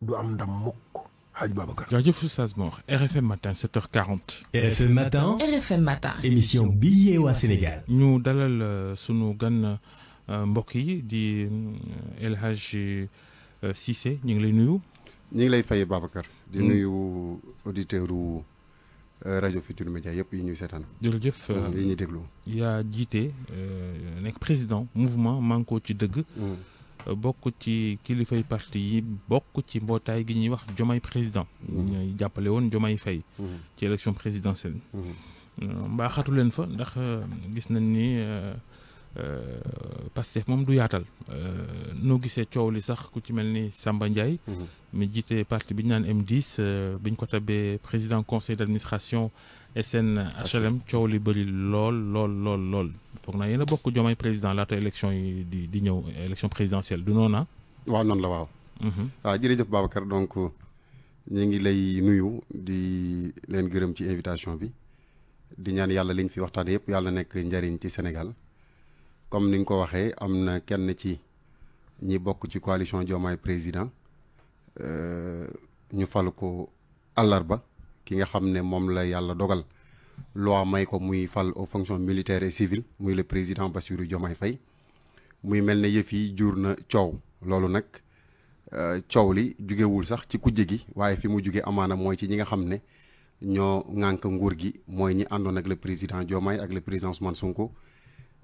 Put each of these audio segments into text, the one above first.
du am ndam mukk Hadj Babacar. jaajëf Oustaz Mor RFM matin RFM matin émission bi yee waa Sénégal. ñu dalal euh, suñu gan euh, mbokk yi di euh, El Hadj ñu ngi lay nuyu. ñu ngi lay fay Babacar. di mm. nuyu auditeurs yu rajo Futurs Médias yëpp yi ñuy seetaan. jërëjëf yi ñuy déglu. yaa jiite nekk président mouvement Manko ci dëgg. Mm. bokk ci kilifay parti yi bokk ci mbootaay gi ñuy wax Jomay président. Mm-hmm. ñooy jàppale woon Jomay fay mm-hmm. ci élection présidentielle. Mm-hmm. Euh, mbaa xatu leen fa ndax euh, gis nañ ni euh, Pastef moom du yaatal. noo gisee coow li sax ku ci mel ni Samba Ndiaye. mi jiite parti bi ñu naan M10 biñ ko tabee président conseil d' administration. SN HLM coow li bëri lool lool lool lool foog naa yéen a bokk Diomaye président laata élection yi di di ñëw élection présidentielle du noonu ah. waaw noonu la waaw. waaw mm-hmm. ah, jërëjëf Babacar donc ñu ngi lay nuyu di leen gërëm ci invitation bi di ñaan yàlla liñ fi waxtaan yëpp yàlla nekk njariñ ci senegal comme ni nga ko waxee am na kenn ci ñi bokk ci coalition Diomaye président euh, ñu fal ko àllarba. ki nga xam ne moom la yàlla dogal loi may ko muy fal aux fonctions militaires et civiles muy le président Bassirou Diomaye fay muy mel ne yëf yi jur na coow loolu nag euh, coow li jugewul sax ci kujje gi waaye fi mu juge amaana mooy ci ñi nga xam ne ñoo ŋànk nguur gi mooy ñi àndoon ak le président Diomaye ak le président Ousmane Sonko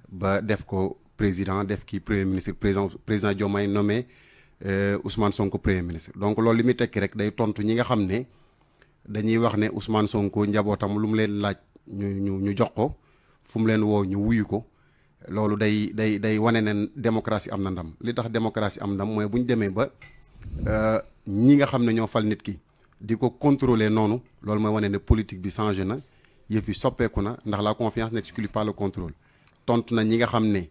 ba def ko président def ki premier ministre président président Diomaye nommé euh, Ousmane Sonko premier ministre donc loolu li muy tekki rek day tontu ñi nga xam ne. dañuy wax ne Ousmane Sonko njabootam lu mu leen laaj ñu ñu ñu jox ko fu mu leen woo ñu wuyu ko loolu day day day wane ne démocratie am na ndam li tax démocratie am ndam mooy bu ñu demee ba euh, ñi nga xam ne ñoo fal nit ki di ko contrôler noonu loolu mooy wane ne politique bi changé na yëf yi soppeeku na ndax la confiance n'exclut pas le contrôle tontu na ñi nga xam ne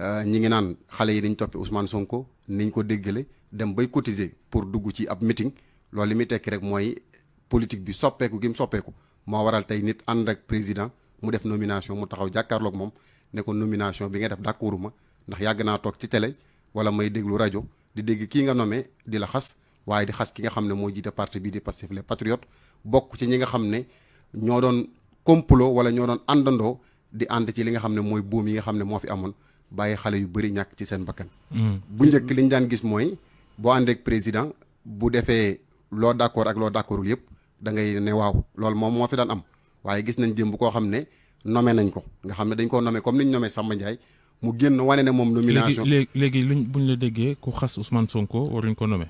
euh, ñi ngi naan xale yi dañ toppee Ousmane Sonko niñ ko déggale dem bay cotiser pour dugg ci ab meeting loolu li muy tekki rek mooy. politique bi soppeeku gi mu soppeeku moo waral tey nit ànd ak président mu def nomination mu taxaw jàkkaarloog moom ne ko nomination bi nga def d'accord ma ndax yàgg naa toog ci télé wala may déglu rajo di dégg kii nga nommé di la xas waaye di xas ki nga xam ne moo jiite parti bi di Pastef les patriotes bokk ci ñi nga xam ne ñoo doon complot wala ñoo doon àndandoo di ànd ci li nga xam ne mooy boom yi nga xam ne moo fi amoon bàyyi xale yu bëri ñàkk ci seen bakkan mm. bu njëkk liñ daan gis mooy boo àndeek président bu defee loo d'accord ak loo da ne waaw loolu moom moo fi daan am waaye gis nañ démb koo xam ne nome nañ ko nga xam ne dañ koo nome comme niñ nomee Samba Ndiaye mu génn wane ne moom nomination léegi léegi luñ buñ la déggee ku xas Ousmane Sonko waruñ ko nome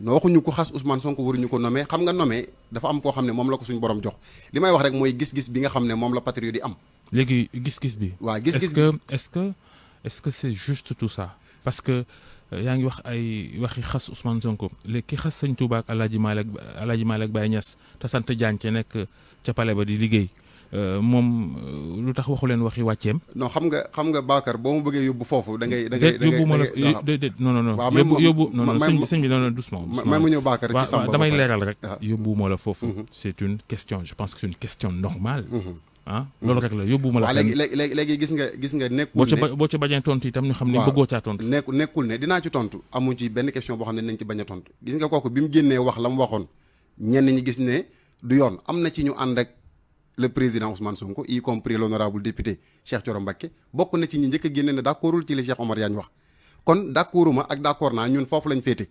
no waxuñu ko xas Ousmane Sonko waruñu ko nomee xam nga nomee dafa am koo xam ne moom la ko suñu borom jox li may wax rek mooy gis-gis bi nga xam ne moom la patriote yi am léegi gis-gis bi waa gis-gis bi est-ce que est-ce que est-ce que c'est parce que yaa ngi wax ay waxi xas Ousmane Sonko ki xas sëñ Touba ak El Hadj Malick El Hadj Malick te sant Diagne ca nekk ca pale ba di liggéey euh, moom euh, lu tax waxu leen waxi wàcceem. non xam nga xam nga Bakar boo ma bëggee yóbbu foofu da ngay. da ngay da ngay déedéet non non non. waaw même moom yóbbu non ma ma ñëw Bakar ci Samba damay leeral rek. Ah. yóbbuwuma la foofu. Mhm. c'est une question je pense que c'est une question normale. Mhm. ah loolu rek la yóbbuwuma la. waaw léegi léegi léegi gis nga gis nga nekkul ne boo ci boo ci bañee tontu itam ñu xam ne bëggoo caa tontu. nekkul ne dinaa ci tontu amu ci benn question boo xam ne nañ ci bañ gis nga kooku bi mu génnee wax la mu waxoon ñenn ñi gis ne du yoon am na ci ñu ànd ak le président Ousmane Sonko y compris l'honorable député Cheikh Thioro Mbacké bokk na ci ñu njëkk a génne ne d'accordul ci li Cheikh Omar ñu wax kon d'accorduma ak d'accord naa ñun foofu lañ féete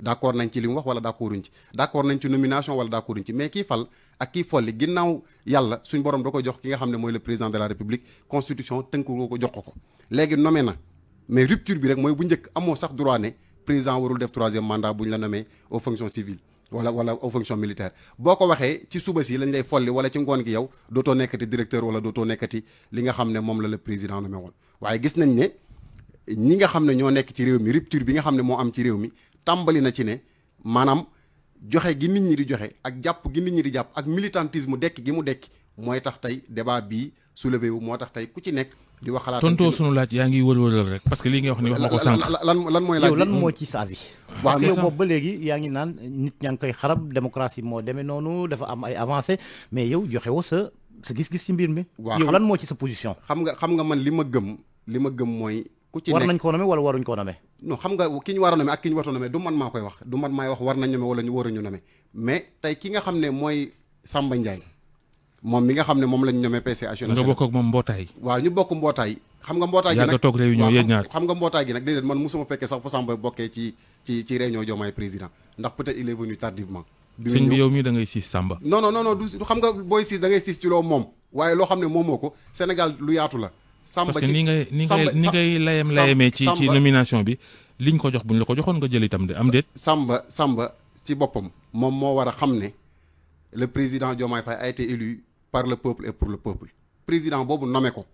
d' accord nañ ci li mu wax wala d' accorduñ ci d' accord nañ ci nomination wala d' accorduñ ci mais kii fal ak kii folli ginnaaw yàlla suñ borom da ko jox ki nga xam ne mooy le président de la république constitution tënku ko jox ko ko léegi nommé na mais rupture bi rek mooy bu njëkk amoo sax droit ne président warul def troisième mandat bu la nommé aux fonctions wala wala aux fonctions boo ko waxee ci suba si lañ lay folli wala ci ngoon gi yow dootoo nekkati directeur wala dootoo nekkati li nga xam ne la le président nommé woon waaye gis nañ ne ñi nga xam ne ñoo nekk ci réew mi rupture bi nga xam ne moo am ci réew mi tàmbali na ci ne maanaam joxe gi nit ñi di joxe ak jàpp gi nit ñi di jàpp ak militantisme dekk gi mu dekk mooy tax tey débat bii soulevé wu moo tax tey ku ci nekk. di wax xalaat tontoo sunu laaj yaa ngi wërwëral rek parce que lii nga wax ni wax ma ko sànq. lan lan mooy laaj yow lan moo ci saabi. Hmm. waaw parce que yow boobu ba léegi yaa ngi naan nit ñaa ngi koy xarab démocratie moo demee noonu dafa am ay avancé mais yow joxe wo sa sa gis-gis ci mbir mi. waaw yow lan moo ci sa position. xam nga xam nga man li ma gëm li ma gëm mooy ku ci nekk war nañ koo nome wala waruñ koo nome non xam nga ki war a nome ak ki ñu warta nome du man maa koy wax du man maay wax war nañ nome wala ñu waruñu nome mais tey ki nga xam ne mooy Samba Ndiaye moom mi nga xam ne moom lañ ñomee PCH nga bokk ak moom bokk mbootaay xam nga mbootaay gi nag toog réunion yéen ñaar xam nga mbootaay gi nag déedéet man mosuma fekkee sax fu Samba bokkee ci ci Samba non non non du xam nga booy siis da ngay siis ci loo moom waaye loo xam ne moomoo ko Sénégal lu yaatu la samba parce que ni ngay ni ngay ni ngay layam layamee ci ci nomination bi liñ ko jox buñ la ko joxoon nga jël itam de am déet. samba samba ci boppam moom moo war a xam ne le président Diomaye Faye a été élu par le peuple et pour le peuple président boobu nommé ko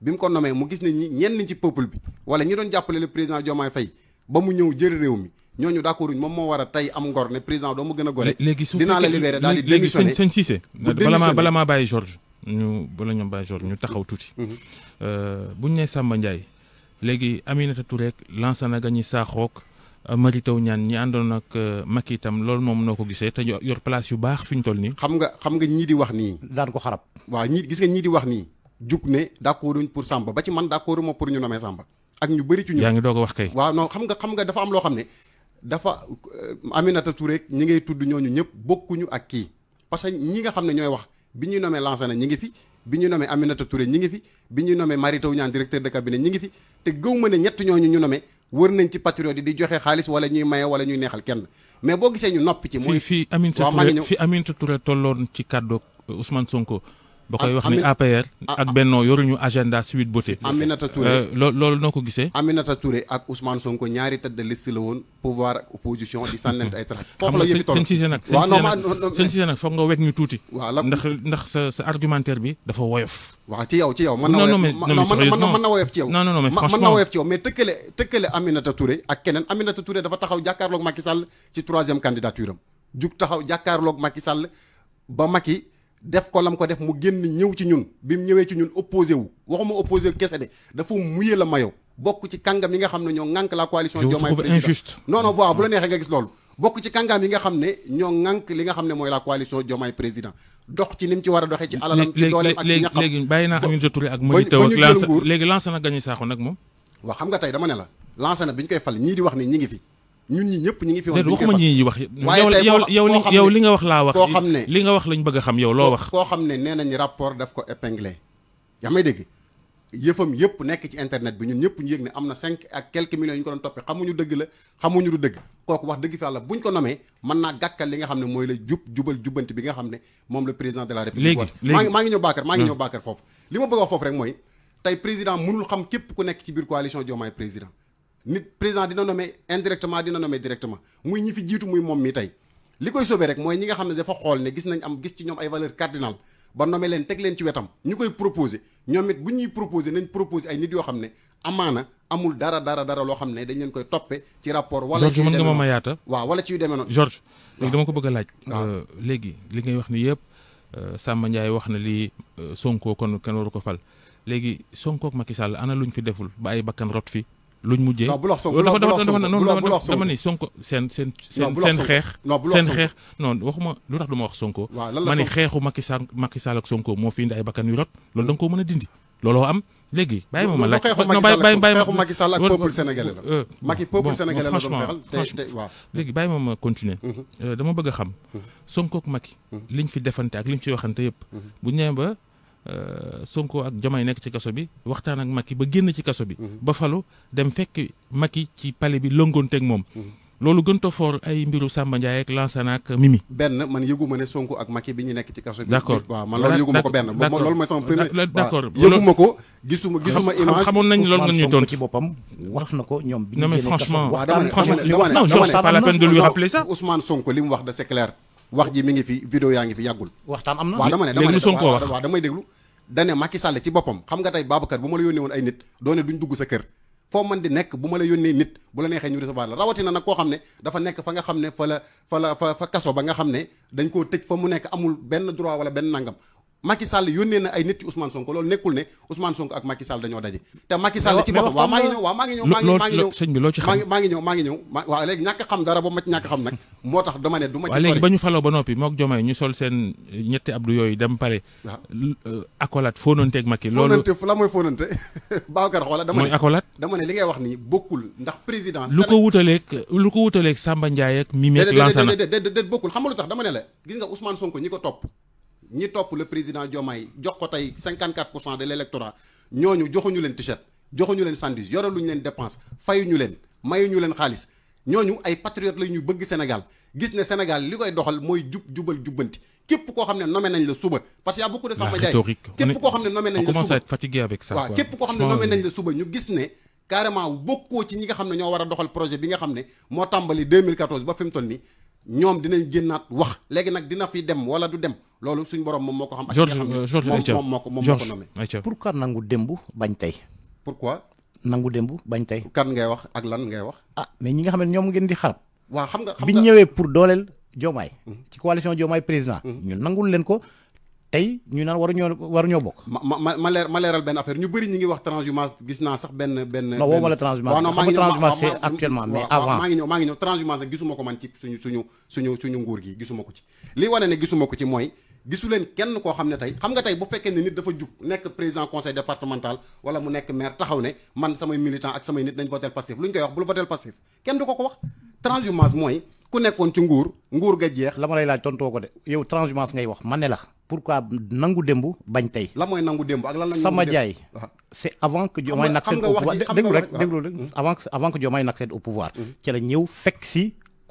bi mu ko nommé mu gis ne ñi ñenn ci peuple bi wala ñi doon jàppale le président Diomaye Faye ba mu ñëw jël réew mi ñooñu d'accord moom moo war a tey am ngor ne président doo ma gën a gore. léegi su dinaa la ñu bala ñoom Baye George ñu taxaw tuuti. bu ñu nee Samba Ndiaye léegi Aminata Touré ak Lansana Gagny Sakho ak euh, Mary ñaan Niane ñi àndoon ak euh, Macky itam loolu moom noo ko gisee te yor place yu baax fi ñu toll nii. xam nga xam nga ñii di wax nii. daan ko xarab waaw ñii gis nga ñii di wax nii. jug ne d'accorduñ pour Samba ba ci man d'accordu ma pour ñu nommer Samba. ak ñu bëri ci yaa ngi doog ko wax kay. waa non xam nga xam nga dafa am loo xam ne. dafa euh, Aminata Touré ñi ngay tudd ñooñu ñëpp bokkuñu ak kii parce que ñi nga xam ne ñooy wax bi ñu nommé Lansana ñi ngi fi bi ñu nommé Aminata Touré ñi ngi fi bi ñu nommé Mary Teuw Niane directeur de cabinet ñi ngi fi te gëw ma ne ñett ñooñu ñu nommé wër nañ ci patriote yi di joxe xaalis wala ñuy maye wala ñuy neexal kenn mais boo gisee ñu nopp ci. mooy fii fii Aminata Touré fii Aminata Touré tolloon ci kàddoog Ousmane Sonko. boo koy wax ni APR ak Benno yoruñu agenda Sweet Beauté. Aminata Touré euh, loo loolu noo ko gisee. Aminata Touré ak Ousmane Sonko ñaari tête de liste la woon pouvoir ak opposition di sànnante ay tract. foofu la yëfi toll seen Cissé tuuti. waaw ndax sa argumentaire bi dafa woyof. waaw ci yow ci yow. mën na mën na woyof ci yow. non non mais franchement mën na woyof ci yow mais tëkkale tëkkale Aminata Touré ak keneen Aminata Touré dafa taxaw jàkkaarloog Macky Sall ci troisième candidature am jug taxaw jàkkaarloog Macky Sall ba Macky def ko lam ko def mu génn ñëw ci ñun bi mu ñëwee ci ñun opposé wu waxuma opposé wu kese de dafa muyee la mayo bokk ci kàngam yi nga xam ne ñoo ŋànk la coalition Diomaye président non non nga gis loolu bokk ci kàngam yi nga xam ne ñoo ŋànk li nga xam ne mooy la coalition Diomaye président dox ci ni mu ci war a doxee ci alalam ci dooleem ak ci ñaqam léegi bàyyi naa Aminata Touré ak Mary ak lancé léegi lancé na nag moom waaw xam nga tey dama ne la lancé na bi ñu koy fal ñii di wax ne ñi ngi fi ñun ñi ñëpp ñu ngi fi wax waxuma ñi wax waaye tey yow yow li nga wax laa wax koo xam ne li nga wax lañ bëgg a xam loo wax koo xam ne nee nañ rapport daf ko épinglé yaa may dégg yëfam yëpp nekk ci internet bi ñun ñëpp ñu yëg ne am na cinq ak quelques millions ñu ko doon toppee xamuñu dëgg la xamuñu du dëgg kooku wax dëgg fi bu buñ ko nomee mën naa gàkkal li nga xam ne mooy la jubal jubanti bi nga xam ne moom le président de la république maa ngi maa ngi ñëw Bakar maa ngi hmm. ñëw Bakar foofu li ma bëgg a wax xam képp ku nekk ci biir coalition Diomaye président nit président dina nommé indirectement dina nommé directement muy ñi fi jiitu muy moom mi tey li koy sauver rek mooy ñi nga xam ne dafa xool ne gis nañ am gis ci ñoom ay valeur cardinale ba nommé leen teg leen ci wetam ñu koy proposé ñoom it bu ñuy proposé nañ proposé ay nit yoo xam ne amaana amul dara dara dara loo xam ne dañ leen koy toppe ci rapport wala George mën nga ma mayaata waaw wala ci yu demee noonu George léegi dama ko bëgg a laaj euh, léegi li ngay wax nii yëpp euh, Samba Ndiaye wax na lii euh, Sonko kon kenn waru ko fal léegi Sonko ak Macky Sall ana luñ fi deful ba ay bakkan rot fi luñ mujjee non bu lox Sonko dafa dafa dafa dama ni Sonko seen seen seen seen xeex seen xeex non waxuma lu tax du ma xeexu Macky Sall Macky Sall ak Sonko moo fi indi ay bakkan yu a dindi looloo am léegi bàyyi ma la Macky peuple sénégalais la euh, doon xeexal te mhm. euh, bëgg a xam mhm. Sonko ak Macky mhm. liñ fi defante ak liñ fi waxante yëpp bu ñëwee Euh, Sonko ak Diomaye nekk ci kaso bi waxtaan ak Macky ba génn ci kaso bi. Mhm. ba falo dem fekk Macky ci palais bi lëngoonteeg moom. Mhm. loolu gën a foor ay mbiru Samba Ndiaye ak Lansana ak Mimi. benn man yëgu ne Sonko ak Macky bi ñu nekk ci kaso bi. d' accord waaw man loolu yëgu ma ko benn. d' accord gisuma gisuma image. xamoon nañ loolu nga ñuy tontu boppam wax na ko ñoom. bi ñu génnee kaso waaw dama ne dama ne li mu wax de c' wax ji mi ngi fi vidéo yaa ngi fi yàggul waxtaan am na waaw dama ne dama ne waaw damay déglu dane Macky Sall ci boppam xam nga tey Babacar bu ma la yónnee woon ay nit doone duñ dugg sa kër foo man di nekk bu ma la yónnee nit bu la neexee ñu recevoir la rawatina nag koo xam ne dafa nekk fa nga xam ne fa la fa la fa fa kaso ba nga xam ne dañ koo tëj fa mu nekk amul benn droit wala benn nangam Macky Sall yónnee na ay nit ci Ousmane Sonko loolu nekkul ne Ousmane Sonko ak Macky Sall dañoo daje te Macky Sall ci boppam waaw maa ngi ñëw waaw maa ngi ñëw maa ngi maa ngi ñëw sëñ bi loo ci xam maa ngi ñëw waaw léegi ñàkk xam dara ba ma ci ñàkk xam nag moo tax dama ne du ma ci sori ba ñu faloo ba noppi mook Diomaye ñu sol seen ñetti abdou yooyu dem pare accolade fóonante ak Macky loolu fóonante la mooy fóonante Babacar xoola dama ne mooy dama ne li ngay wax nii bokkul ndax président lu ko wutaleeg lu ko wutaleeg Samba Ndiaye ak Mimi ak Lansana déedéet xam nga lu dama ne la gis nga Ousmane Sonko ñi ko topp ñi topp le président Diomaye jox ko tey 54 pour cent de l' électorat ñooñu joxuñu leen t-shirt joxuñu leen sandwich yoreluñu leen dépense fayuñu leen mayuñu leen xaalis ñooñu ay patriotes la ñu bëgg Sénégal gis ne Sénégal li koy doxal mooy jub jubal jubbanti képp koo xam ne nommé nañ la suba parce que y a beaucoup de Samba Ndiaye képp koo xam ne nommé nañ la suba ne nommé nañ la suba ñu gis ne carrément bokkoo ci ñi nga xam ne ñoo war a doxal projet bi nga xam ne moo tàmbali 2014 ba ñoom dinañ génnaat wax léegi nag dina fi dem wala du dem loolu suñ borom moom moo ko xam. George euh, George moom moo ko moom moo ko nommé. pourquoi nangu démb bañ tey. pour pourquoi. nangu demb bañ tey. kan ngay wax ak lan ngay wax. ah mais ñi nga xam ne ñoom ngeen di xarab. waaw xam nga xam nga biñ ñëwee pour dooleel Diomaye. Mhm. ci coalition Diomaye président. Mhm. ñu nangul leen ko. tey ñu naan waruñoo waruñoo bokk. ma ma ma leer ma leeral benn affaire ñu bëri ñu ngi wax transhumance gis naa sax benn benn. non woo ma la transhumance ñëw maa ngi ñëw transhumance nag gisuma ko man ci suñu suñu suñu suñu nguur gi gisuma ko ci. li wane ne gisuma ko ci mooy gisu leen kenn koo xam ne tey xam nga tey bu fekkee ne nit dafa jug nekk président conseil départemental wala mu nekk maire taxaw ne man samay militant ak samay nit nañ votel passif lu ñu koy wax bul votel passif kenn du ko ko wax transhumance ku nekkoon ci nguur nguur ga jeex. la ma lay laaj tontoo ko de yow transhumance ngay wax man ne la pourquoi nangu démb bañ tey. la mooy nangu démb ak lan la sama jaay ah. c' est avant que Diomaye nag seen au pouvoir déglu rek déglu rek avant avant que Diomaye nag seen au pouvoir ci la ñëw fekk si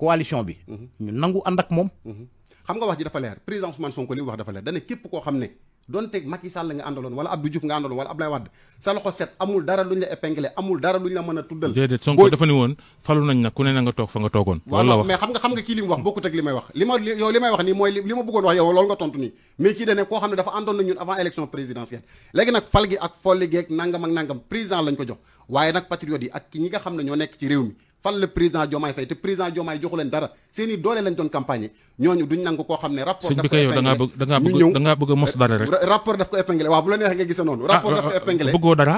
coalition bi mm-hmm. ñu nangu ànd ak moom mm-hmm. xam nga wax ji dafa leer président Ousmane Sonko li wax dafa leer dana képp koo xam ne donte Macky Sall nga àndaloon wala Abdou Diouf nga àndaloon wala Abdoulaye Wade sa loxo set amul dara luñ la épinglé amul dara luñ la mën a tuddal. déedéet Sonko dafa ni woon falu nañ nag ku ne na nga toog fa nga toogoon. wala wax mais xam nga xam nga kii li mu wax bokkut ak li may wax li ma li ma bëggoon wax yow loolu nga tontu nii mais kii dane koo xam ne dafa àndoon na ñun avant élection présidentielle léegi nag fal gi ak folli geeg nangam ak nangam président lañ ko jox waaye nag patriote yi ak ñi nga xam ne ñoo nekk ci mi fal le président Diomaye Faye te président Diomaye joxu leen dara seen doole lañ doon campagne ñooñu duñ nangu koo xam ne rapport daf ko épinglé da a mos dara rek rapport daf ko épinglé waaw bu la neexee nga gisee noonu rapport ah, daf ko ah, épinglé bëggoo dara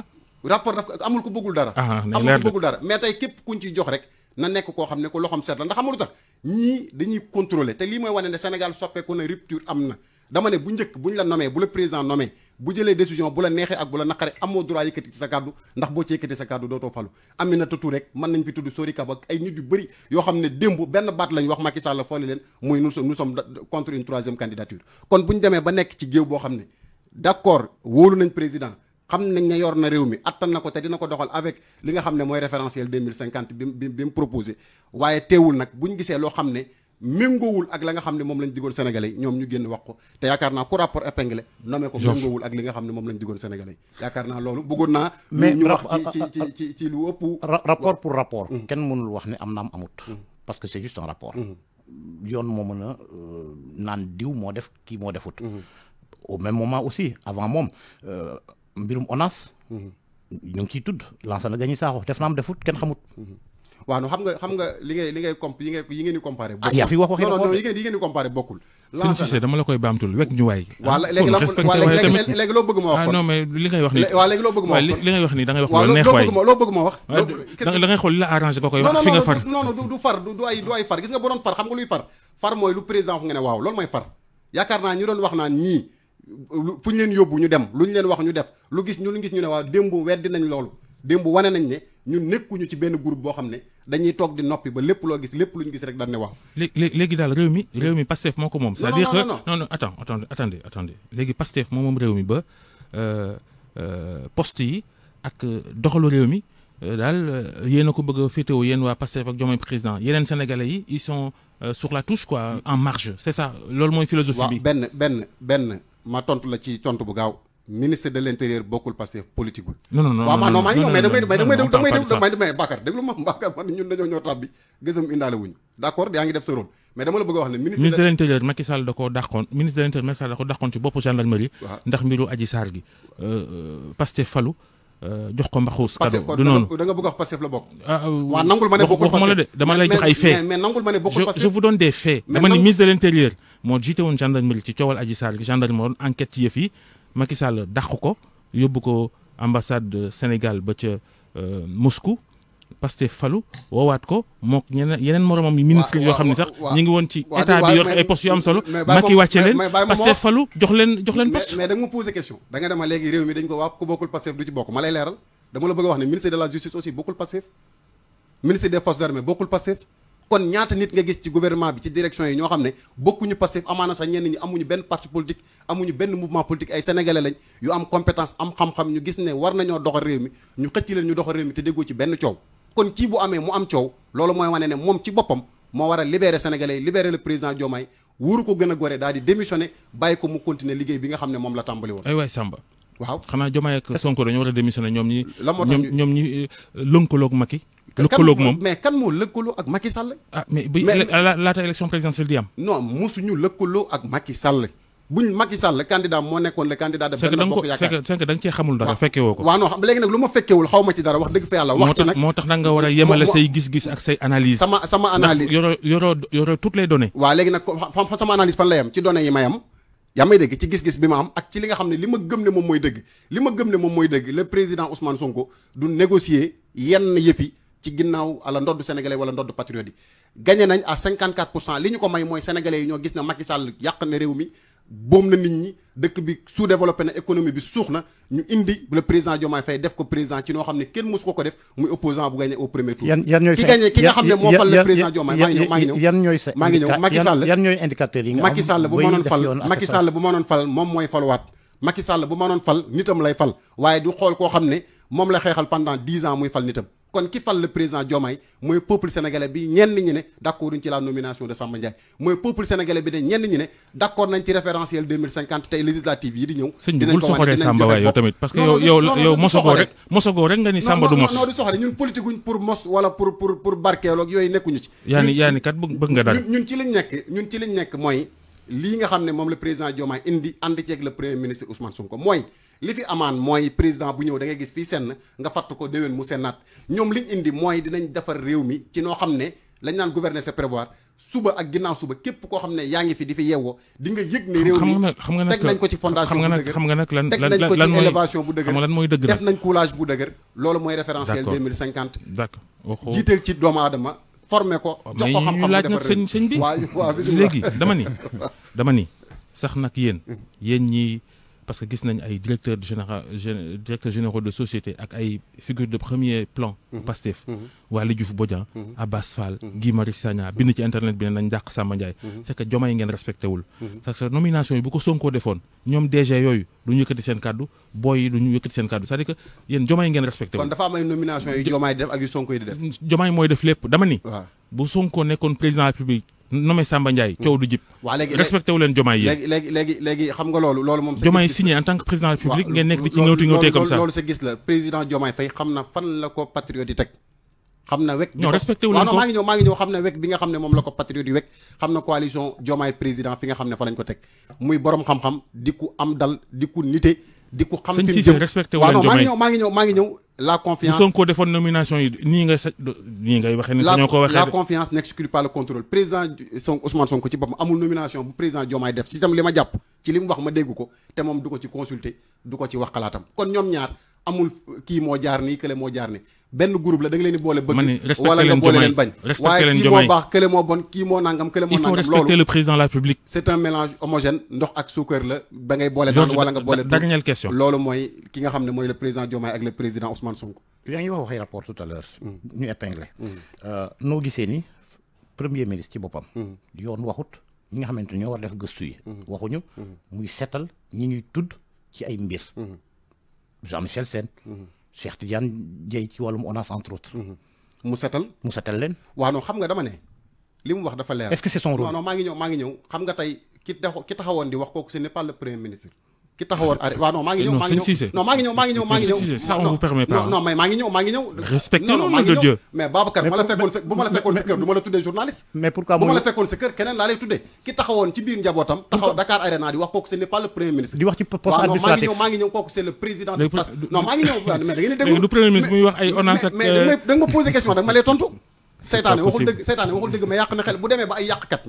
rapport daf ko amul ko bëggul dara ah, amul ko bëggul dara mais tey képp kuñ ciy jox rek na nekk koo xam ne ko loxoom seet la ndax amul tax ñii dañuy contrôler te lii mooy wane ne Sénégal soppeeku na rupture am na dama ne bu njëkk bu ñu la nomee bu la président nommé bu jëlee décision bu la neexee ak bu la naqaree amoo droit yëkkati ci sa kàddu ndax boo ci yëkkati sa kàddu dootoo falu Aminata Touré rek mën nañ fi tudd soo Kaba ak ay nit yu bëri yoo xam ne démb benn baat lañ wax Macky Sall foole leen muy nous sommes nous sommes contre une troisième candidature kon bu ñu demee ba nekk ci géew boo xam ne d'accord wóolu nañ président xam nañ ne yor na réew mi attan na ko te dina ko doxal avec li nga xam ne mooy référentiel 2050 bi bi mu proposé waaye teewul nag bu ñu gisee loo xam ne méngoowul ak la nga xam ne moom lañ digoon sénégalais yi ñoom ñu génn wax ko te yaakaar naa ku rapport épinglé nommé ko méngoowul ak li nga xam ne moom lañ digoon sénégalais yi yaakaar naa loolu bëggoon naa ñu wax ci ci ci lu ëpp rapport pour rapport mm. kenn mënul wax ni am naam amut mm. parce que c'est juste un rapport mm. yoon moo mën a euh, naan diw moo def kii moo defut au même moment aussi avant moom euh, mbirum ONAS mm-hmm. ñu ngi ciy tudd Lansana Gagny Sakho def na am defut kenn xamut mm-hmm. waaw non xam nga xam nga li ngay li ngay comp yi ngay yi ngeen di comparé ah yaa fi wax waxee non non yi ngeen yi ngeen di comparé bokkul sëñ Cissé dama la koy baamtul wekk ñu waay waaw ah, léegi la loo bëgg ma wax ah, loo bëgg ma wax loo bëgg ma wax nga bu doon far lu président ne waaw loolu mooy far yaakaar naa ñu doon wax naan ñii fu ñu leen yóbbu ñu dem lu ñu leen wax ñu def lu gis ñu lu gis ñu ne waaw démb weddi nañ loolu démb wane nañ ne ñun nekkuñu ci benn groupe boo xam ne dañuy toog di noppi ba lépp loo gis lépp lu ñu gis rek dañ ne waaw. léegi daal réew mi réew mi Pastef moo ko moom. c'est-à-dire que non non attends attendez attendez léegi Pastef moo moom réew mi ba euh, euh, poste yi ak doxalu réew mi euh, daal yéen a ko bëgg a féetewoo yéen waa Pastef ak Diomaye président yeneen sénégalais yi ils son sur la touche quoi en marge c'est ça loolu mooy philosophie bi. benn benn benn ma tontu la ci tontu bu gaaw. ministre de l' intérieur bokkul passé politique wul. non a wax ne. ministre de l' intérieur Macky Sall noonu ah, euh, ma ne bokkul waxuma la de dama lay jox ay faits mais nangul ma ne bokkul Pastef je ne ministre de l' moo jiite woon gendarmerie ci coowal aji saar gi gendarmerie enquête ci yëf yi Macky Sall dàq ko yóbbu ko ambassade de Sénégal ba ca euh, Moscou Pastef falu woowaat ko mook yeneen moromam yi ministre yoo xam ne sax ñu ngi woon ci état bi yor ay postes yu am solo wàcce leen Pastef falu jox leen jox leen poste mais dema léegi réew mi dañ ko waa ku bokkul Pastef du ci bokk ma lay leeral dama la bëgg a wax ne ministre de la justice aussi bokkul Pastef ministre des forces armées bokkul kon ñaata nit nga gis ci guvernement bi ci direction yi ñoo xam ne bokkuñu Pastef amaana sax ñenn ñi amuñu benn parti politique amuñu benn mouvement politique ay sénégalais lañ yu am compétence am xam-xam ñu gis ne war nañoo dox réew mi ñu xëcc leen ñu doxal réew mi te déggoo ci benn coow kon kii bu amee mu am coow loolu mooy wane ne moom ci boppam moo war a libere sénégalais yi libérer le président Diomaye wóoru ko gën a gore daal di démissionner bàyyi ko mu continuer liggéey bi nga xam ne moom la tàmbali woon ay waay Samba waaw xanaa Diomaye ak Sonko dañoo war a démissionner ñoom ñi la moo tax ñoom ñi euh, lëkkaloog moom mais kan moo lëkkaloo ak Macky Sall. ah mais bi laata élection présidentielle di am. non mosuñu lëkkaloo ak Macky Sall. buñ Macky Sall candidat moo nekkoon le candidat de benn bokk yaakaar c'est que da nga cee xamul dara fekke woo ko waaw non léegi nag lu ma fekkewul xaw ma ci dara wax dëgg fa yàlla wax ci nag moo tax nag nga war a yemale say gis-gis ak say analyse sama sama analyse yoroo yoroo yoroo toutes les données waaw léegi nag sama analyse fan la yem ci données yi ma yem yaa may dégg ci gis-gis bi ma am ak ci li nga xam ne li ma gëm ne moom mooy dëgg li ma gëm ne moom mooy dëgg le président Ousmane Sonko du négocier yenn yëfi ci ginnaaw ala ndodd sénégalais wala ndodd patriote yi gagné nañ à 54 pour cent li ñu ko may mooy sénégalais yi ñoo gis na Macky Sall yàq na réew mi boom na nit ñi dëkk bi sous-développé na économie bi suux na ñu indi le président Diomaye Faye def ko président ci noo xam ne kenn mosu ko ko def muy opposant bu gagné au premier tour. yan yan ñooy ki gagné ki nga xam ne moo fal le président Diomaye maa ngi ñëw maa ngi ñëw yan ñooy sa maa ngi ñëw Macky Sall yan ñooy indicateurs yi nga Macky Sall bu ma noon fal Macky Sall bu ma noon fal moom mooy faluwaat Macky Sall bu ma noon fal nitam lay fal waaye du xool koo xam ne moom la xeexal pendant dix ans muy fal nitam kon ki fal le président Diomaye mooy peuple sénégalais bi ñenn ñi ne d' accord duñ ci la nomination de Samba Ndiaye mooy peuple sénégalais bi ne ñenn ñi ne d' accord nañ ci référentiel 2050 tey législative yi di ñëw sëñ bi bul soxoree Samba waay yow tamit parce que yow yow mosogoo rek mosogoo rek nga ni Samba du mos non du ñun politique pour mos wala pour pour pour barkeeloo ak yooyu nekkuñu ci yaa ni yaa bëgg nga daal ne moom le président Diomaye indi ànd ceeg le premier ministre Ousmane li fi amaan mooy président bu ñëw da ngay gis fii senn nga fatt ko déwén mu sennaat ñoom liñ indi mooy dinañ defar réew mi ci noo xam ne lañ naan gouverner c'est prévoir suba ak ginnaaw suba képp koo xam ne yaa ngi fi di fi yeewoo di nga yëg ne réew mi teg nañ ko ci fondation bu dëgër xam nga nag lan teg nañ ko ci élévation bu dëgër lan mooy dëgg def nañ coulage bu dëgër loolu mooy référentiel 2050 d'accord jiital ci doomu aadama formé ko oh, jox ko xam-xam laaj nag sëñ sëñ sax nag yéen yéen ñi parce que gis nañ ay directeur général directeur généraux de société ak ay figure de premier plan mhm. Pastef mhm. Waly Diouf Bodian mhm. Abass Fall Guy Marius bind ci internet bi ne nañ dàq Samba Ndiaye que Diomaye ngeen respecté wul parce que nomination yi bu ko Sonko defoon ñoom DG yooyu du ñu yëkkati seen kàddu booy yi du ñu yëkkati seen kàddu c'est-à-dire que yéen Diomaye ngeen respecté kon dafa am nomination yu Diomaye def ak yu Sonko di def Diomaye mooy def lépp dama ni nekkoon président nommé Samba Ndiaye hmm. coow du jib waa léegi respecté wu leen jomaay yéen léegi léegi léegi xam nga loolu loolu moom jomaay signé en tant que président de la république ngeen nekk di ci sa gis la président jomaay fay xam na fan la ko patriote yi teg xam na wek non respecté leen ko maa ngi ñëw xam ne wek bi nga xam ne moom la ko patriote yi wek xam na coalition jomaay président fi nga xam ne fa lañ ko teg muy borom xam-xam di ku am dal di ku nite di ku xam fi mu jëm waaw non maa ngi ñëw maa ngi ñëw maa ngi ñëw la confiance bu Sonko defoon nomination nga sa ngay waxee. la confiance n'exclut pas le contrôle président son Ousmane Sonko ci boppam amul nomination bu président Diomaye def si tam li ma jàpp. ci li mu wax ma dégg ko te moom du ko ci consulter du ko ci wax xalaatam kon ñoom ñaar amul kii moo jaar nii kële moo jaar nii benn groupe la da leen boole bëgg wala nga boole leen bañ waaye kii moo baax kële moo bon kii moo nangam kële moo nangam loolu il faut respecter le président de la République c'est un mélange homogène ndox ak suukar la ba ngay boole naan wala loolu mooy ki nga xam ne mooy le président Diomaye ak le président Ousmane Sonko yaa ngi wax waxee rapport tout à l'heure mm. ñu mm. euh, noo gisee ni premier ministre ci boppam mm. yoon waxut ñi nga xamante ne ñoo war def gëstu yi. Mhm. waxuñu. Mhm. muy seetal ñi ñuy tudd ci ay mbir. Mhm. Jean Michel Sène. Cheikh Tidiane Dieye ci wàllum ONAS entre autres. mu setal mu setal leen. waaw non xam nga dama ne li mu wax dafa leer. est-ce que c'est son rôle maa ngi ñëw maa ngi ñëw xam nga tey ki taxawoon di wax kooku ce n'est pas premier ministre. ki taxawoon arrêt waaw non maa ngi ñëw maa ngi ñëw maa ngi ñëw on vous permet pas non mais maa ngi ñëw maa bu ma la fekkoon sa kër du ma la tuddee journaliste bu ma la fekkoon sa kër keneen laa lay tuddee ki taxawoon ci biir njabootam taxaw Dakar Arena di wax kooku ce n'est premier ministre di wax ci poste administratif ngi ñëw mais da ngeen di du premier ministre muy wax ay onance ak mais da ma lay tontu seytaane waxul dëgg seytaane waxul dëgg mais yàq na xel bu demee ba ay yàqkat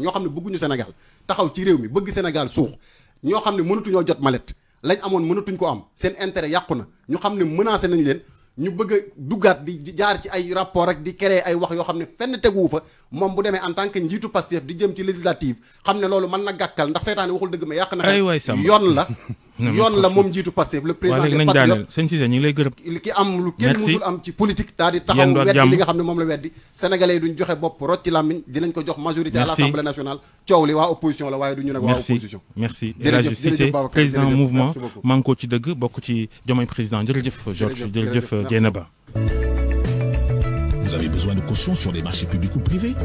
ñoo xam ne mënatuñoo jot mallette lañ amoon mënatuñ ko am seen intérêt yàqu na ñu xam ne menacé añ leen ñu bëgg a duggaat di jaar ci ay rapport rek di créer ay wax yoo xam ne fenn teguwu fa moom bu demee en tant que njiitu Pastef di jëm ci législative xam ne loolu mën na gàkkal ndax seytaane waxul dëgg ma yàq na yoon la yoon la moom njiitu Pastef le président des patriotes sëñ Cissé ñu ngi lay gërëm ki am lu kenn musul am ci politique daal di taxaw weddi nga xam ne moom la weddi sénégalais duñ joxe bopp rot làmmiñ dinañ ko jox majorité à l'Assemblée nationale coow li waa opposition la waaye du ñu waa opposition président mouvement manko ci dëgg bokk ci Diomaye président jërëjëf Georges jërëjëf Dieynaba Vous avez besoin